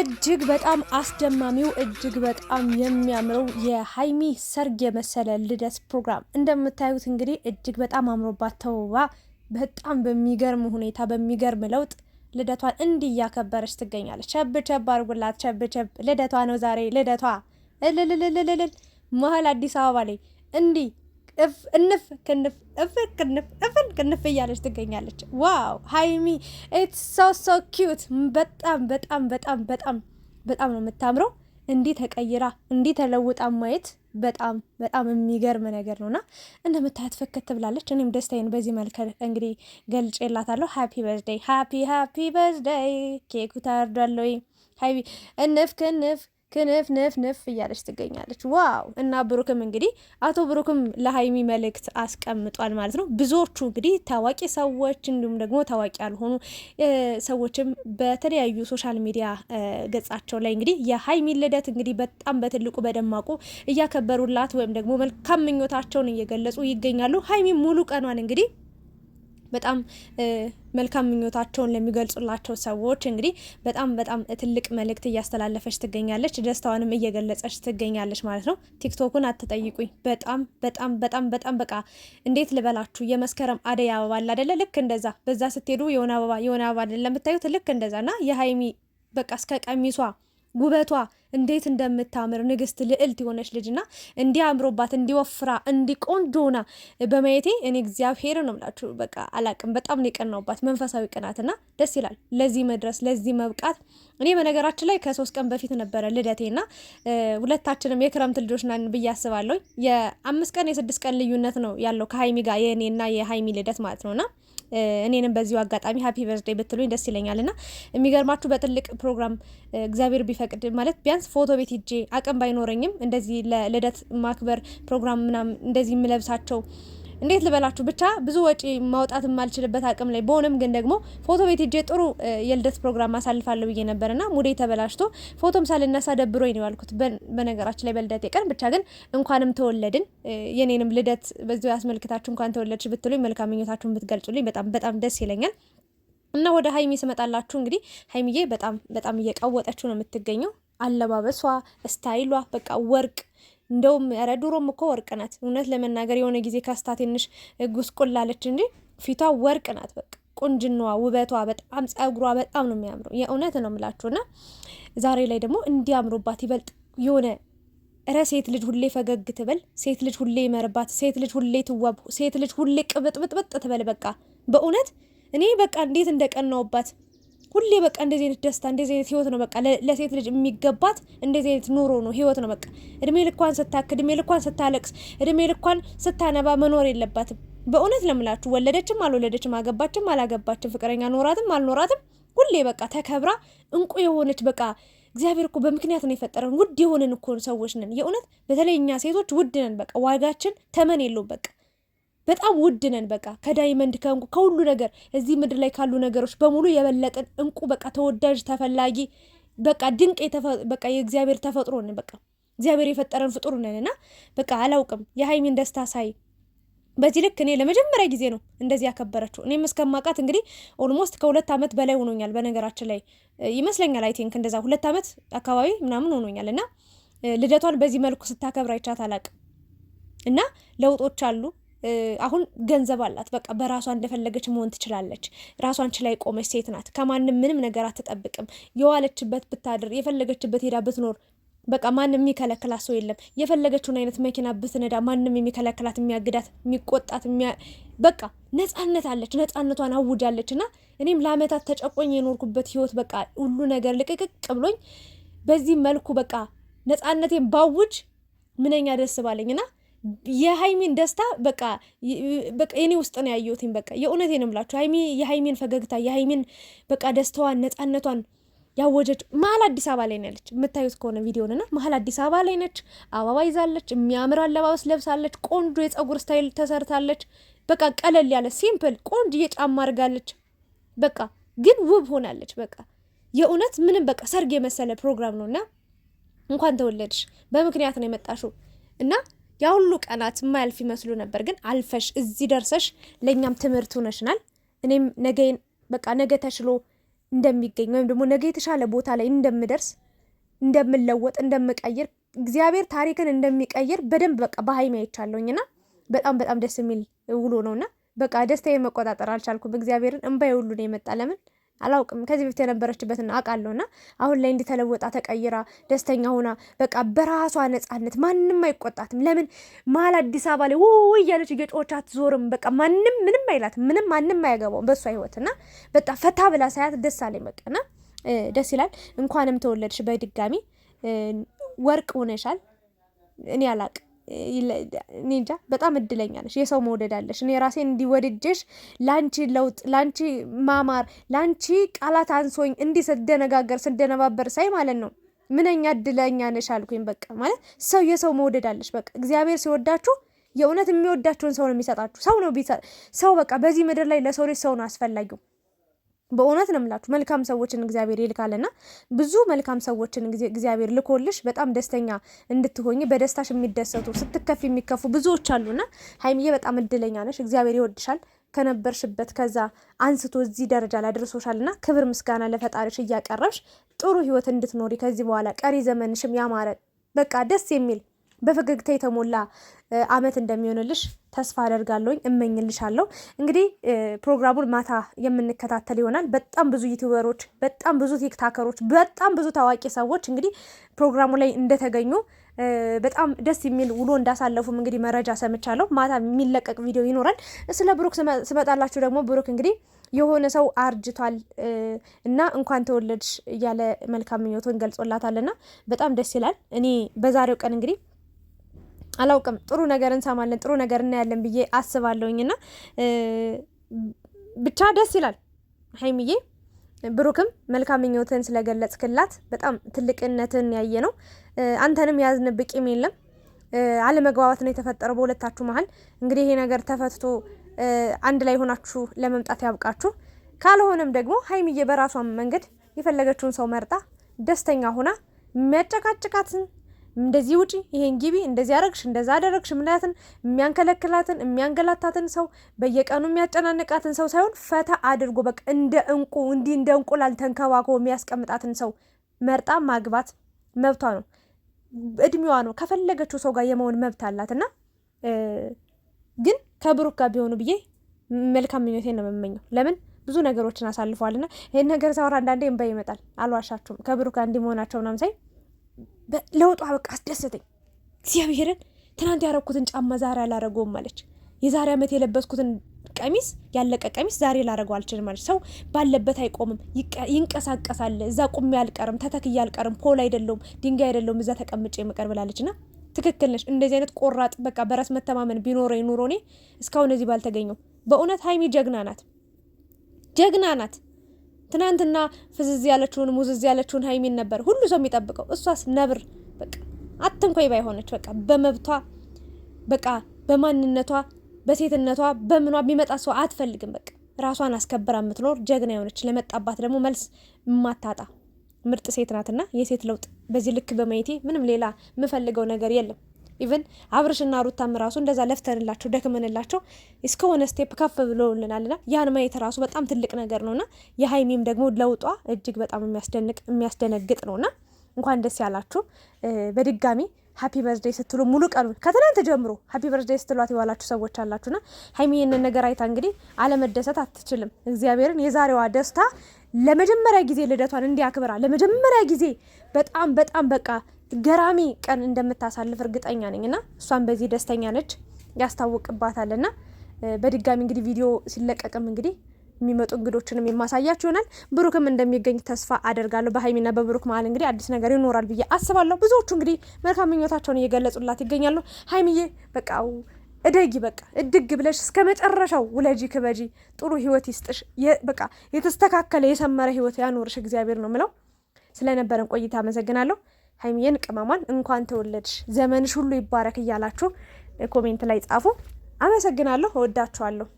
እጅግ በጣም አስደማሚው እጅግ በጣም የሚያምረው የሀይሚ ሰርግ የመሰለ ልደት ፕሮግራም እንደምታዩት እንግዲህ እጅግ በጣም አምሮባት ተውባ በጣም በሚገርም ሁኔታ በሚገርም ለውጥ ልደቷን እንዲህ እያከበረች ትገኛለች። ቸብ ቸብ አርጉላት፣ ቸብ ቸብ ልደቷ ነው ዛሬ ልደቷ እልልልልልል መሀል አዲስ አበባ ላይ እንዲህ እንፍ ክንፍ እፍ ክንፍ እፍን ክንፍ እያለች ትገኛለች። ዋው ሀይሚ ኢትስ ሶ ሶ ኪዩት። በጣም በጣም በጣም በጣም በጣም ነው የምታምረው። እንዲህ ተቀይራ እንዲህ ተለውጣ ማየት በጣም በጣም የሚገርም ነገር ነውና እንደምታያት ፈከት ብላለች። እኔም ደስታዬን በዚህ መልክ እንግዲህ ገልጬላታለሁ። ሃፒ በርዝደይ ሃፒ ሃፒ በርዝደይ ኬኩ ታርዷለይ ሀይሚ እንፍ ክንፍ ክንፍ ንፍ ንፍ እያለች ትገኛለች። ዋው! እና ብሩክም እንግዲህ አቶ ብሩክም ለሀይሚ መልእክት አስቀምጧል ማለት ነው። ብዙዎቹ እንግዲህ ታዋቂ ሰዎች እንዲሁም ደግሞ ታዋቂ ያልሆኑ ሰዎችም በተለያዩ ሶሻል ሚዲያ ገጻቸው ላይ እንግዲህ የሀይሚ ልደት እንግዲህ በጣም በትልቁ በደማቁ እያከበሩላት ወይም ደግሞ መልካም ምኞታቸውን እየገለጹ ይገኛሉ። ሀይሚ ሙሉ ቀኗን እንግዲህ በጣም መልካም ምኞታቸውን ለሚገልጹላቸው ሰዎች እንግዲህ በጣም በጣም ትልቅ መልእክት እያስተላለፈች ትገኛለች። ደስታዋንም እየገለጸች ትገኛለች ማለት ነው። ቲክቶኩን አትጠይቁኝ። በጣም በጣም በጣም በጣም በቃ እንዴት ልበላችሁ የመስከረም አደይ አበባ አለ ልክ እንደዛ በዛ ስትሄዱ የሆነ አበባ የሆነ አበባ ለምታዩት ልክ እንደዛ እና የሀይሚ በቃ እስከ ቀሚሷ ውበቷ እንዴት እንደምታምር ንግስት ልዕልት የሆነች ልጅና እንዲህ አምሮባት እንዲወፍራ እንዲቆንጆና በማየቴ እኔ እግዚአብሔር ነው ምላችሁ በቃ አላቅም። በጣም የቀናውባት መንፈሳዊ ቅናትና ደስ ይላል። ለዚህ መድረስ ለዚህ መብቃት እኔ በነገራችን ላይ ከሶስት ቀን በፊት ነበረ ልደቴና ሁለታችንም የክረምት ልጆች ናን ብዬ አስባለሁ። የአምስት ቀን የስድስት ቀን ልዩነት ነው ያለው ከሀይሚ ጋር የእኔና የሀይሚ ልደት ማለት ነውና እኔንም በዚሁ አጋጣሚ ሀፒ በርዝዴ ብትሉኝ ደስ ይለኛል። ና የሚገርማችሁ በትልቅ ፕሮግራም እግዚአብሔር ቢፈቅድ ማለት ቢያንስ ፎቶ ቤት ሄጄ አቅም ባይኖረኝም እንደዚህ ለልደት ማክበር ፕሮግራም ምናምን እንደዚህ የምለብሳቸው እንዴት ልበላችሁ ብቻ ብዙ ወጪ ማውጣት የማልችልበት አቅም ላይ በሆነም ግን ደግሞ ፎቶ ቤት እጄ ጥሩ የልደት ፕሮግራም አሳልፋለሁ ብዬ ነበርና ሙዴ ተበላሽቶ ፎቶም ሳልነሳ ደብሮኝ ነው ያልኩት። በነገራችን ላይ በልደት የቀን ብቻ ግን እንኳንም ተወለድን የኔንም ልደት በዚ ያስመልክታችሁ እንኳን ተወለድሽ ብትሉኝ መልካም ምኞታችሁን ብትገልጹልኝ በጣም በጣም ደስ ይለኛል። እና ወደ ሀይሚ ስመጣላችሁ እንግዲህ ሀይሚዬ በጣም በጣም እየቃወጠችው ነው የምትገኘው። አለባበሷ፣ ስታይሏ በቃ ወርቅ እንደውም ኧረ ድሮም እኮ ወርቅ ናት። እውነት ለመናገር የሆነ ጊዜ ከስታ ትንሽ ጉስቁላለች እንጂ ፊቷ ወርቅ ናት። በቃ ቁንጅናዋ፣ ውበቷ፣ በጣም ጸጉሯ በጣም ነው የሚያምረው። የእውነት ነው የምላችሁና ዛሬ ላይ ደግሞ እንዲያምሩባት ይበልጥ የሆነ እረ ሴት ልጅ ሁሌ ፈገግ ትበል፣ ሴት ልጅ ሁሌ ይመርባት፣ ሴት ልጅ ሁሌ ትዋብ፣ ሴት ልጅ ሁሌ ቅብጥብጥብጥ ትበል። በቃ በእውነት እኔ በቃ እንዴት እንደቀናውባት ሁሌ በቃ እንደዚህ አይነት ደስታ እንደዚህ አይነት ህይወት ነው በቃ ለሴት ልጅ የሚገባት እንደዚህ አይነት ኑሮ ነው ህይወት ነው በቃ እድሜ ልኳን ስታክ እድሜ ልኳን ስታለቅስ እድሜ ልኳን ስታነባ መኖር የለባትም። በእውነት ለምላችሁ ወለደችም አልወለደችም አገባችም አላገባችም ፍቅረኛ ኖራትም አልኖራትም ሁሌ በቃ ተከብራ እንቁ የሆነች በቃ እግዚአብሔር እኮ በምክንያት ነው የፈጠረን። ውድ የሆንን እኮ ሰዎች ነን። የእውነት በተለይ እኛ ሴቶች ውድ ነን። በቃ ዋጋችን ተመን የለውም በቃ በጣም ውድ ነን። በቃ ከዳይመንድ ከእንቁ ከሁሉ ነገር እዚህ ምድር ላይ ካሉ ነገሮች በሙሉ የበለጠን እንቁ በቃ ተወዳጅ፣ ተፈላጊ በቃ ድንቅ በቃ የእግዚአብሔር ተፈጥሮ ነን። በቃ እግዚአብሔር የፈጠረን ፍጡር ነን እና በቃ አላውቅም የሀይሚን ደስታ ሳይ በዚህ ልክ እኔ ለመጀመሪያ ጊዜ ነው እንደዚህ ያከበረችው። እኔም እስከማውቃት እንግዲህ ኦልሞስት ከሁለት ዓመት በላይ ሆኖኛል። በነገራችን ላይ ይመስለኛል አይ ቲንክ እንደዛ ሁለት ዓመት አካባቢ ምናምን ሆኖኛል እና ልደቷን በዚህ መልኩ ስታከብር አይቻት አላውቅም እና ለውጦች አሉ አሁን ገንዘብ አላት። በቃ በራሷ እንደፈለገች መሆን ትችላለች። ራሷን ችላ የቆመች ሴት ናት። ከማንም ምንም ነገር አትጠብቅም። የዋለችበት ብታድር፣ የፈለገችበት ሄዳ ብትኖር በቃ ማንም የሚከለክላት ሰው የለም። የፈለገችውን አይነት መኪና ብትነዳ ማንም የሚከለክላት፣ የሚያግዳት፣ የሚቆጣት በቃ ነጻነት አለች። ነጻነቷን አውጃለች። እና እኔም ለአመታት ተጨቆኝ የኖርኩበት ህይወት በቃ ሁሉ ነገር ልቅቅቅ ብሎኝ በዚህ መልኩ በቃ ነጻነቴን ባውጅ ምነኛ ደስ ባለኝ እና የሀይሚን ደስታ በቃ በቃ የኔ ውስጥ ነው ያየሁትኝ። በቃ የእውነቴ ነው የምላችሁ ሀይሚ የሀይሚን ፈገግታ የሀይሚን በቃ ደስታዋን ነጻነቷን ያወጀች መሀል አዲስ አበባ ላይ ነች። የምታዩት ከሆነ ቪዲዮንና መሀል አዲስ አበባ ላይ ነች። አበባ ይዛለች። የሚያምር አለባበስ ለብሳለች። ቆንጆ የጸጉር ስታይል ተሰርታለች። በቃ ቀለል ያለ ሲምፕል ቆንጆ የጫማ አድርጋለች። በቃ ግን ውብ ሆናለች። በቃ የእውነት ምንም በቃ ሰርግ የመሰለ ፕሮግራም ነው እና እንኳን ተወለድሽ በምክንያት ነው የመጣሽው እና ያ ሁሉ ቀናት የማያልፍ ይመስሉ ነበር፣ ግን አልፈሽ እዚህ ደርሰሽ ለእኛም ትምህርት ሆነሽናል። እኔም ነገን በቃ ነገ ተሽሎ እንደሚገኝ ወይም ደግሞ ነገ የተሻለ ቦታ ላይ እንደምደርስ እንደምለወጥ፣ እንደምቀይር እግዚአብሔር ታሪክን እንደሚቀይር በደንብ በቃ በሀይሚ አይቻለሁኝ በጣም በጣም ደስ የሚል ውሎ ነውና በቃ ደስታዬን መቆጣጠር አልቻልኩም። እግዚአብሔርን እምባዬ ሁሉ ነው የመጣ ለምን አላውቅም ከዚህ በፊት የነበረችበትን አውቃለሁና አሁን ላይ እንዲተለወጣ ተቀይራ ደስተኛ ሆና በቃ በራሷ ነጻነት ማንም አይቆጣትም። ለምን መሀል አዲስ አበባ ላይ ውው እያለች እየጮች አትዞርም። በቃ ማንም ምንም አይላት፣ ምንም ማንም አያገባውም በእሷ ህይወት እና በቃ ፈታ ብላ ሳያት ደስ አለኝ። በቃ ደስ ይላል። እንኳንም ተወለድሽ በድጋሚ ወርቅ ሆነሻል። እኔ አላቅ እኔ እንጃ በጣም እድለኛ ነሽ። የሰው መውደድ አለሽ። እኔ ራሴን እንዲወድጀሽ ላንቺ ለውጥ፣ ላንቺ ማማር፣ ላንቺ ቃላት አንሶኝ እንዲህ ስደነጋገር ስደነባበር ሳይ ማለት ነው ምንኛ እድለኛ ነሽ አልኩኝ። በቃ ማለት ሰው የሰው መውደድ አለሽ። በቃ እግዚአብሔር ሲወዳችሁ የእውነት የሚወዳችሁን ሰው ነው የሚሰጣችሁ። ሰው ነው ሰው በቃ በዚህ ምድር ላይ ለሰው ልጅ ሰው ነው አስፈላጊው። በእውነት ነው የምላችሁ መልካም ሰዎችን እግዚአብሔር ይልካልና ብዙ መልካም ሰዎችን እግዚአብሔር ልኮልሽ በጣም ደስተኛ እንድትሆኝ በደስታሽ የሚደሰቱ ስትከፍ የሚከፉ ብዙዎች አሉና ሀይሚዬ በጣም እድለኛ ነሽ። እግዚአብሔር ይወድሻል ከነበርሽበት ከዛ አንስቶ እዚህ ደረጃ ላይ አድርሶሻልና ክብር ምስጋና ለፈጣሪሽ እያቀረብሽ ጥሩ ህይወት እንድትኖሪ ከዚህ በኋላ ቀሪ ዘመንሽም ያማረ በቃ ደስ የሚል በፈገግታ የተሞላ አመት እንደሚሆንልሽ ተስፋ አደርጋለሁኝ እመኝልሻለሁ። እንግዲህ ፕሮግራሙን ማታ የምንከታተል ይሆናል። በጣም ብዙ ዩቲዩበሮች፣ በጣም ብዙ ቲክታከሮች፣ በጣም ብዙ ታዋቂ ሰዎች እንግዲህ ፕሮግራሙ ላይ እንደተገኙ በጣም ደስ የሚል ውሎ እንዳሳለፉም እንግዲህ መረጃ ሰምቻለሁ። ማታ የሚለቀቅ ቪዲዮ ይኖራል። ስለ ብሩክ ስመጣላችሁ ደግሞ ብሩክ እንግዲህ የሆነ ሰው አርጅቷል እና እንኳን ተወለድሽ እያለ መልካም ምኞቱን ገልጾላታልና በጣም ደስ ይላል። እኔ በዛሬው ቀን እንግዲህ አላውቅም ጥሩ ነገር እንሰማለን፣ ጥሩ ነገር እናያለን ብዬ አስባለሁኝ። እና ብቻ ደስ ይላል ሀይሚዬ ብሩክም መልካም ምኞትን ስለገለጽክላት በጣም ትልቅነትን ያየ ነው። አንተንም ያዝንብቅ የለም አለመግባባት ነው የተፈጠረው በሁለታችሁ መሀል። እንግዲህ ይሄ ነገር ተፈትቶ አንድ ላይ ሆናችሁ ለመምጣት ያብቃችሁ። ካልሆነም ደግሞ ሀይሚዬ በራሷ መንገድ የፈለገችውን ሰው መርጣ ደስተኛ ሆና የሚያጨቃጭቃትን እንደዚህ ውጪ፣ ይሄን ግቢ፣ እንደዚህ አረግሽ፣ እንደዛ አደረግሽ ምናያትን የሚያንከለክላትን የሚያንገላታትን ሰው በየቀኑ የሚያጨናንቃትን ሰው ሳይሆን ፈታ አድርጎ በቃ እንደ እንቁ እንዲህ እንደ እንቁላል ተንከባክቦ የሚያስቀምጣትን ሰው መርጣ ማግባት መብቷ ነው፣ እድሜዋ ነው። ከፈለገችው ሰው ጋር የመሆን መብት አላት አላትና ግን ከብሩክ ጋር ቢሆኑ ብዬ መልካም ምኞቴ ነው የምመኘው። ለምን ብዙ ነገሮችን አሳልፈዋልና ይህን ነገር ሳወራ አንዳንዴ እምባ ይመጣል፣ አልዋሻችሁም። ከብሩክ ጋር እንዲመሆናቸው መሆናቸው ምናምን ሳይ ለውጧ በቃ አስደሰተኝ። እግዚአብሔርን ትናንት ያረኩትን ጫማ ዛሬ አላረገውም አለች። የዛሬ ዓመት የለበስኩትን ቀሚስ ያለቀ ቀሚስ ዛሬ ላረገው አልችልም አለች። ሰው ባለበት አይቆምም፣ ይንቀሳቀሳል። እዛ ቁሜ አልቀርም፣ ተተክዬ አልቀርም፣ ፖል አይደለውም፣ ድንጋይ አይደለውም፣ እዛ ተቀምጬ መቀር ብላለች ና ትክክል ነች። እንደዚህ አይነት ቆራጥ በቃ በራስ መተማመን ቢኖረኝ ኑሮ እኔ እስካሁን እዚህ ባልተገኘው። በእውነት ሀይሚ ጀግና ናት፣ ጀግና ናት። ትናንትና ፍዝዝ ያለችውን ሙዝዝ ያለችውን ሀይሚን ነበር ሁሉ ሰው የሚጠብቀው። እሷስ ነብር በቃ አትንኮይ ባይሆነች በቃ በመብቷ በቃ በማንነቷ በሴትነቷ በምኗ የሚመጣ ሰው አትፈልግም። በቃ ራሷን አስከብራ የምትኖር ጀግና የሆነች ለመጣባት ደግሞ መልስ የማታጣ ምርጥ ሴት ናትና የሴት ለውጥ በዚህ ልክ በማየቴ ምንም ሌላ የምፈልገው ነገር የለም። ኢቨን አብርሽና ሩታም ራሱ እንደዛ ለፍተንላቸው ደክመንላቸው እስከሆነ ስቴፕ ከፍ ብሎልናልና ያን ማየት ራሱ በጣም ትልቅ ነገር ነውና የሀይሚም ደግሞ ለውጧ እጅግ በጣም የሚያስደንቅ የሚያስደነግጥ ነውና እንኳን ደስ ያላችሁ በድጋሚ ሀፒ በርዝዴ ስትሉ ሙሉ ቀኑን ከትናንት ጀምሮ ሀፒ በርዝዴ ስትሏት የዋላችሁ ሰዎች አላችሁና ሀይሚ ይህንን ነገር አይታ እንግዲህ አለመደሰት አትችልም። እግዚአብሔርን የዛሬዋ ደስታ ለመጀመሪያ ጊዜ ልደቷን እንዲያክብራ ለመጀመሪያ ጊዜ በጣም በጣም በቃ ገራሚ ቀን እንደምታሳልፍ እርግጠኛ ነኝ እና እሷን በዚህ ደስተኛ ነች፣ ያስታውቅባታል። እና በድጋሚ እንግዲህ ቪዲዮ ሲለቀቅም እንግዲህ የሚመጡ እንግዶችንም የማሳያችሁ ይሆናል። ብሩክም እንደሚገኝ ተስፋ አደርጋለሁ። በሀይሚና በብሩክ መሀል እንግዲህ አዲስ ነገር ይኖራል ብዬ አስባለሁ። ብዙዎቹ እንግዲህ መልካም ምኞታቸውን እየገለጹላት ይገኛሉ። ሀይሚዬ በቃ እደጊ በቃ እድግ ብለሽ እስከ መጨረሻው ውለጂ፣ ክበጂ፣ ጥሩ ህይወት ይስጥሽ። በቃ የተስተካከለ የሰመረ ህይወት ያኖርሽ እግዚአብሔር ነው ምለው። ስለነበረን ቆይታ አመሰግናለሁ። ሀይሚዬን ቅመሟን እንኳን ተወለድሽ ዘመንሽ ሁሉ ይባረክ እያላችሁ ኮሜንት ላይ ጻፉ። አመሰግናለሁ። እወዳችኋለሁ።